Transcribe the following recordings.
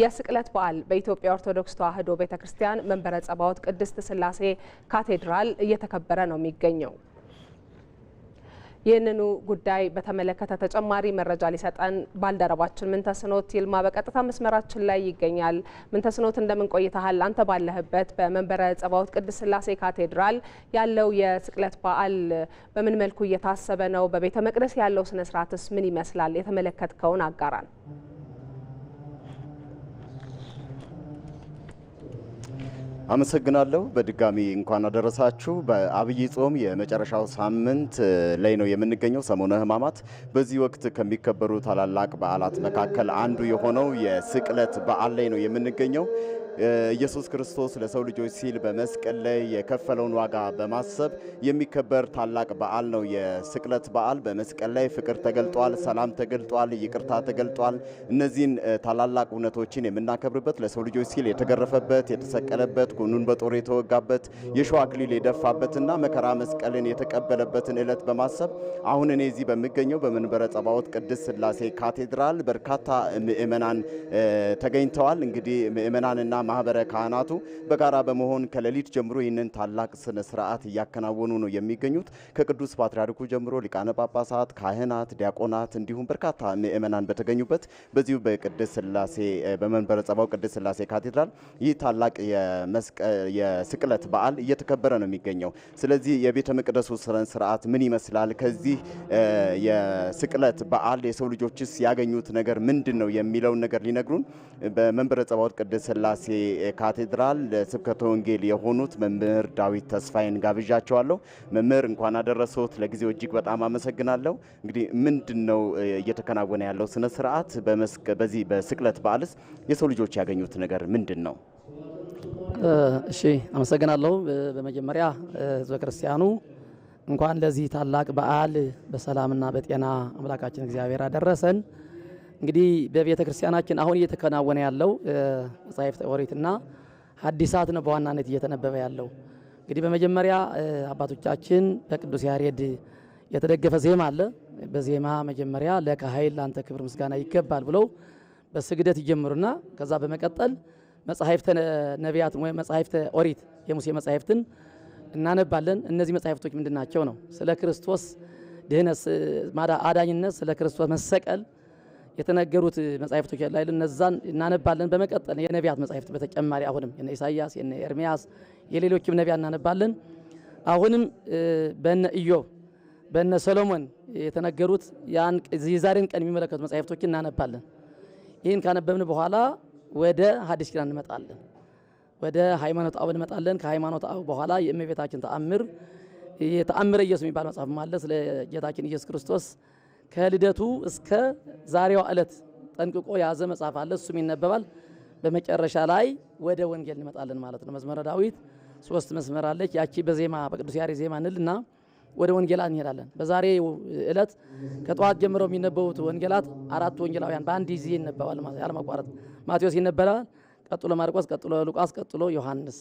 የስቅለት በዓል በኢትዮጵያ ኦርቶዶክስ ተዋሕዶ ቤተ ክርስቲያን መንበረ ጸባዖት ቅድስት ሥላሴ ካቴድራል እየተከበረ ነው የሚገኘው። ይህንኑ ጉዳይ በተመለከተ ተጨማሪ መረጃ ሊሰጠን ባልደረባችን ምንተስኖት ይልማ በቀጥታ መስመራችን ላይ ይገኛል። ምንተስኖት እንደምን ቆይተሃል? አንተ ባለህበት በመንበረ ጸባዖት ቅድስት ሥላሴ ካቴድራል ያለው የስቅለት በዓል በምን መልኩ እየታሰበ ነው? በቤተ መቅደስ ያለው ስነስርዓትስ ምን ይመስላል? የተመለከትከውን አጋራን። አመሰግናለሁ። በድጋሚ እንኳን አደረሳችሁ። በአብይ ጾም የመጨረሻው ሳምንት ላይ ነው የምንገኘው፣ ሰሞነ ሕማማት። በዚህ ወቅት ከሚከበሩ ታላላቅ በዓላት መካከል አንዱ የሆነው የስቅለት በዓል ላይ ነው የምንገኘው። ኢየሱስ ክርስቶስ ለሰው ልጆች ሲል በመስቀል ላይ የከፈለውን ዋጋ በማሰብ የሚከበር ታላቅ በዓል ነው የስቅለት በዓል። በመስቀል ላይ ፍቅር ተገልጧል፣ ሰላም ተገልጧል፣ ይቅርታ ተገልጧል። እነዚህን ታላላቅ እውነቶችን የምናከብርበት ለሰው ልጆች ሲል የተገረፈበት፣ የተሰቀለበት፣ ጎኑን በጦር የተወጋበት፣ የሸዋ አክሊል የደፋበትና መከራ መስቀልን የተቀበለበትን ዕለት በማሰብ አሁን እኔ እዚህ በሚገኘው በመንበረ ጸባዖት ቅድስት ስላሴ ካቴድራል በርካታ ምእመናን ተገኝተዋል። እንግዲህ ምእመናንና ማህበረ ካህናቱ በጋራ በመሆን ከሌሊት ጀምሮ ይህንን ታላቅ ስነ ስርዓት እያከናወኑ ነው የሚገኙት። ከቅዱስ ፓትርያርኩ ጀምሮ ሊቃነ ጳጳሳት፣ ካህናት፣ ዲያቆናት እንዲሁም በርካታ ምእመናን በተገኙበት በዚሁ በቅድስት ስላሴ በመንበረ ጸባው ቅድስት ስላሴ ካቴድራል ይህ ታላቅ የስቅለት በዓል እየተከበረ ነው የሚገኘው። ስለዚህ የቤተ መቅደሱ ስነ ስርዓት ምን ይመስላል? ከዚህ የስቅለት በዓል የሰው ልጆችስ ያገኙት ነገር ምንድን ነው የሚለውን ነገር ሊነግሩን በመንበረ ጸባኦት ቅድስት ስላሴ ካቴድራል ስብከተ ወንጌል የሆኑት መምህር ዳዊት ተስፋዬን ጋብዣቸዋለሁ። መምህር እንኳን አደረሰዎት። ለጊዜው እጅግ በጣም አመሰግናለሁ። እንግዲህ ምንድን ነው እየተከናወነ ያለው ስነ ስርዓት? በዚህ በስቅለት በዓልስ የሰው ልጆች ያገኙት ነገር ምንድን ነው? እሺ አመሰግናለሁ። በመጀመሪያ ህዝበ ክርስቲያኑ እንኳን ለዚህ ታላቅ በዓል በሰላምና በጤና አምላካችን እግዚአብሔር አደረሰን። እንግዲህ በቤተ ክርስቲያናችን አሁን እየተከናወነ ያለው መጽሐፍ ኦሪትና ሐዲሳት ነው በዋናነት እየተነበበ ያለው። እንግዲህ በመጀመሪያ አባቶቻችን በቅዱስ ያሬድ የተደገፈ ዜማ አለ። በዜማ መጀመሪያ ለከ ኃይል ለአንተ ክብር ምስጋና ይገባል ብለው በስግደት ይጀምሩና ከዛ በመቀጠል መጽሐፍተ ነቢያት ወይም መጽሐፍተ ኦሪት የሙሴ መጽሐፍትን እናነባለን። እነዚህ መጽሐፍቶች ምንድን ናቸው ነው? ስለ ክርስቶስ ድህነት አዳኝነት፣ ስለ ክርስቶስ መሰቀል የተነገሩት መጽሐፍቶች ያለ እነዛን እናነባለን። በመቀጠል የነቢያት መጽሐፍት በተጨማሪ አሁንም የነ ኢሳያስ የነ ኤርሚያስ የሌሎችም ነቢያት እናነባለን። አሁንም በነ ኢዮብ በነ ሰሎሞን የተነገሩት የዛሬን ቀን የሚመለከቱ መጽሐፍቶችን እናነባለን። ይህን ካነበብን በኋላ ወደ ሐዲስ ኪዳን እንመጣለን። ወደ ሃይማኖት አብ እንመጣለን። ከሃይማኖት አብ በኋላ የእመቤታችን ተአምር የተአምረ ኢየሱስ የሚባል መጽሐፍ አለ ስለ ጌታችን ኢየሱስ ክርስቶስ ከልደቱ እስከ ዛሬዋ ዕለት ጠንቅቆ የያዘ መጽሐፍ አለ። እሱም ይነበባል። በመጨረሻ ላይ ወደ ወንጌል እንመጣለን ማለት ነው። መዝመረ ዳዊት ሶስት መስመር አለች። ያቺ በዜማ በቅዱስ ያሬ ዜማ እንልና ወደ ወንጌላት እንሄዳለን። በዛሬ ዕለት ከጠዋት ጀምረው የሚነበቡት ወንጌላት አራቱ ወንጌላውያን በአንድ ጊዜ ይነበባል ማለት ያለመቋረጥ ማቴዎስ ይነበባል፣ ቀጥሎ ማርቆስ፣ ቀጥሎ ሉቃስ፣ ቀጥሎ ዮሐንስ።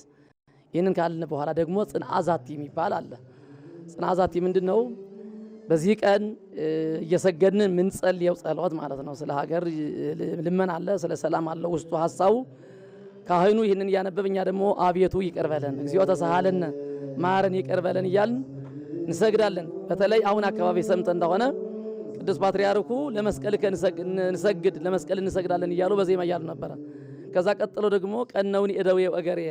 ይህንን ካልን በኋላ ደግሞ ጽንአዛቲ የሚባል አለ። ጽንአዛቲ ምንድን ነው? በዚህ ቀን እየሰገድን የምንጸልየው ጸሎት ማለት ነው። ስለ ሀገር ልመን አለ፣ ስለ ሰላም አለ ውስጡ ሀሳቡ። ካህኑ ይህንን እያነበብ እኛ ደግሞ አቤቱ ይቅር እግዚኦ ተሳሃለነ፣ ማረን፣ ይቅር እያልን እንሰግዳለን። በተለይ አሁን አካባቢ ሰምተ እንደሆነ ቅዱስ ፓትርያርኩ ለመስቀል እንሰግድ ለመስቀል እንሰግዳለን እያሉ በዜማ እያሉ ነበረ። ከዛ ቀጥሎ ደግሞ ቀነውን እደዌ ወእገርየ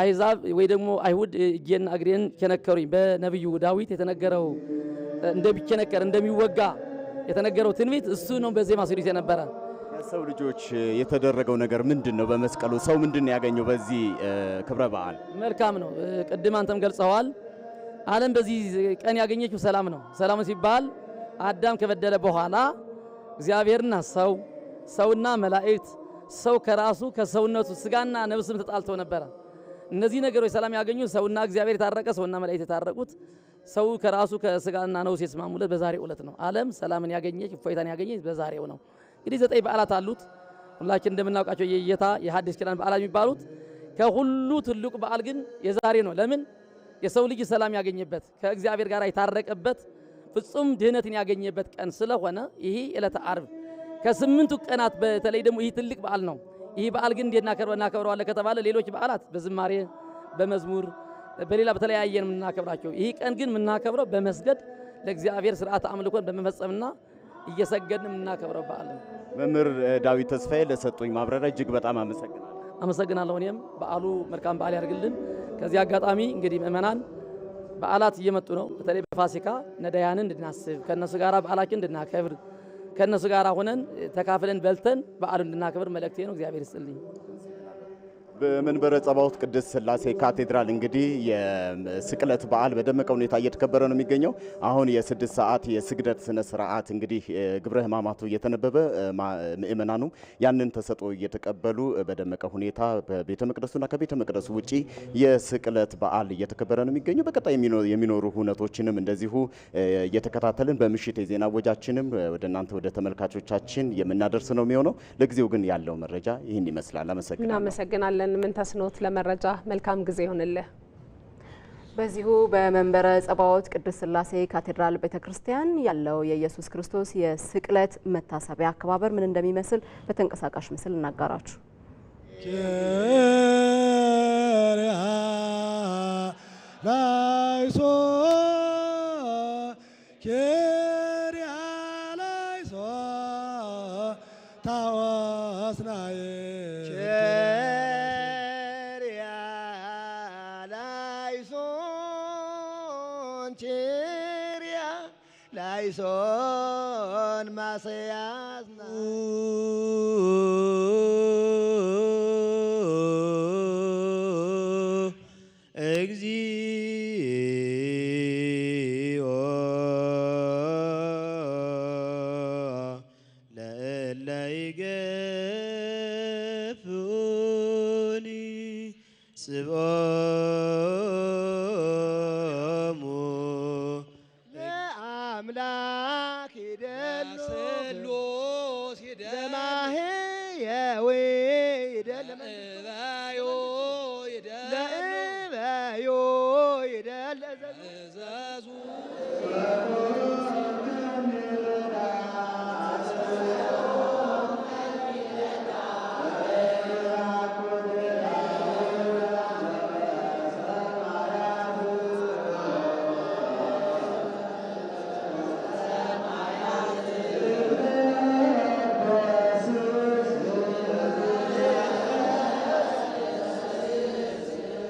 አይዛብ ወይ ደግሞ አይሁድ እጄን እግሬን ከነከሩኝ በነቢዩ ዳዊት የተነገረው እንደሚከነከር እንደሚወጋ የተነገረው ትንቢት እሱ ነው። በዜማ ሲሉት የነበረ ሰው ልጆች የተደረገው ነገር ምንድን ነው? በመስቀሉ ሰው ምንድን ነው ያገኘው? በዚህ ክብረ በዓል መልካም ነው። ቅድም አንተም ገልጸዋል። ዓለም በዚህ ቀን ያገኘችው ሰላም ነው። ሰላም ሲባል አዳም ከበደለ በኋላ እግዚአብሔርና ሰው ሰውና መላእክት ሰው ከራሱ ከሰውነቱ ስጋና ነብስም ተጣልተው ነበረ። እነዚህ ነገሮች ሰላም ያገኙት ሰውና እግዚአብሔር የታረቀ ሰውና መላእክት የታረቁት ሰው ከራሱ ከስጋና ነው የተስማሙለት በዛሬው ዕለት ነው። ዓለም ሰላምን ያገኘች እፎይታን ያገኘች በዛሬው ነው። እንግዲህ ዘጠኝ በዓላት አሉት። ሁላችን እንደምናውቃቸው የየታ የሐዲስ ኪዳን በዓላት የሚባሉት ከሁሉ ትልቁ በዓል ግን የዛሬ ነው። ለምን? የሰው ልጅ ሰላም ያገኘበት ከእግዚአብሔር ጋር የታረቀበት ፍጹም ድህነትን ያገኘበት ቀን ስለሆነ ይህ ዕለተ ዓርብ ከስምንቱ ቀናት በተለይ ደግሞ ይህ ትልቅ በዓል ነው። ይህ በዓል ግን እንዴት እናከብረዋለን ከተባለ ሌሎች በዓላት በዝማሬ በመዝሙር በሌላ በተለያየ የምናከብራቸው፣ ይህ ቀን ግን የምናከብረው በመስገድ ለእግዚአብሔር ስርዓት አምልኮን በመፈጸምና እየሰገድን የምናከብረው በዓል ነው። መምህር ዳዊት ተስፋዬ ለሰጡኝ ማብራሪያ እጅግ በጣም አመሰግናለሁ። አመሰግናለሁ። እኔም በዓሉ መልካም በዓል ያደርግልን ከዚህ አጋጣሚ እንግዲህ ምእመናን በዓላት እየመጡ ነው። በተለይ በፋሲካ ነዳያንን እንድናስብ ከእነሱ ጋር በዓላችን እንድናከብር ከእነሱ ጋር ሆነን ተካፍለን በልተን በዓሉ እንድናከብር መልእክቴ ነው። እግዚአብሔር ይስጥልኝ። በመንበረ ጸባኦት ቅድስት ስላሴ ካቴድራል እንግዲህ የስቅለት በዓል በደመቀ ሁኔታ እየተከበረ ነው የሚገኘው። አሁን የስድስት ሰዓት የስግደት ስነ ስርዓት እንግዲህ ግብረ ሕማማቱ እየተነበበ ምእመናኑ ያንን ተሰጥኦ እየተቀበሉ በደመቀ ሁኔታ በቤተ መቅደሱና ከቤተ መቅደሱ ውጪ የስቅለት በዓል እየተከበረ ነው የሚገኘው። በቀጣይ የሚኖሩ ሁነቶችንም እንደዚሁ እየተከታተልን በምሽት የዜና ወጃችንም ወደ እናንተ ወደ ተመልካቾቻችን የምናደርስ ነው የሚሆነው። ለጊዜው ግን ያለው መረጃ ይህን ይመስላል። አመሰግናለሁ። ምን ተስኖት ለመረጃ መልካም ጊዜ ይሁንልህ። በዚሁ በመንበረ ጸባዖት ቅድስት ስላሴ ካቴድራል ቤተ ክርስቲያን ያለው የኢየሱስ ክርስቶስ የስቅለት መታሰቢያ አከባበር ምን እንደሚመስል በተንቀሳቃሽ ምስል እናጋራችሁ። ላይሶ concheria laison maseas na exi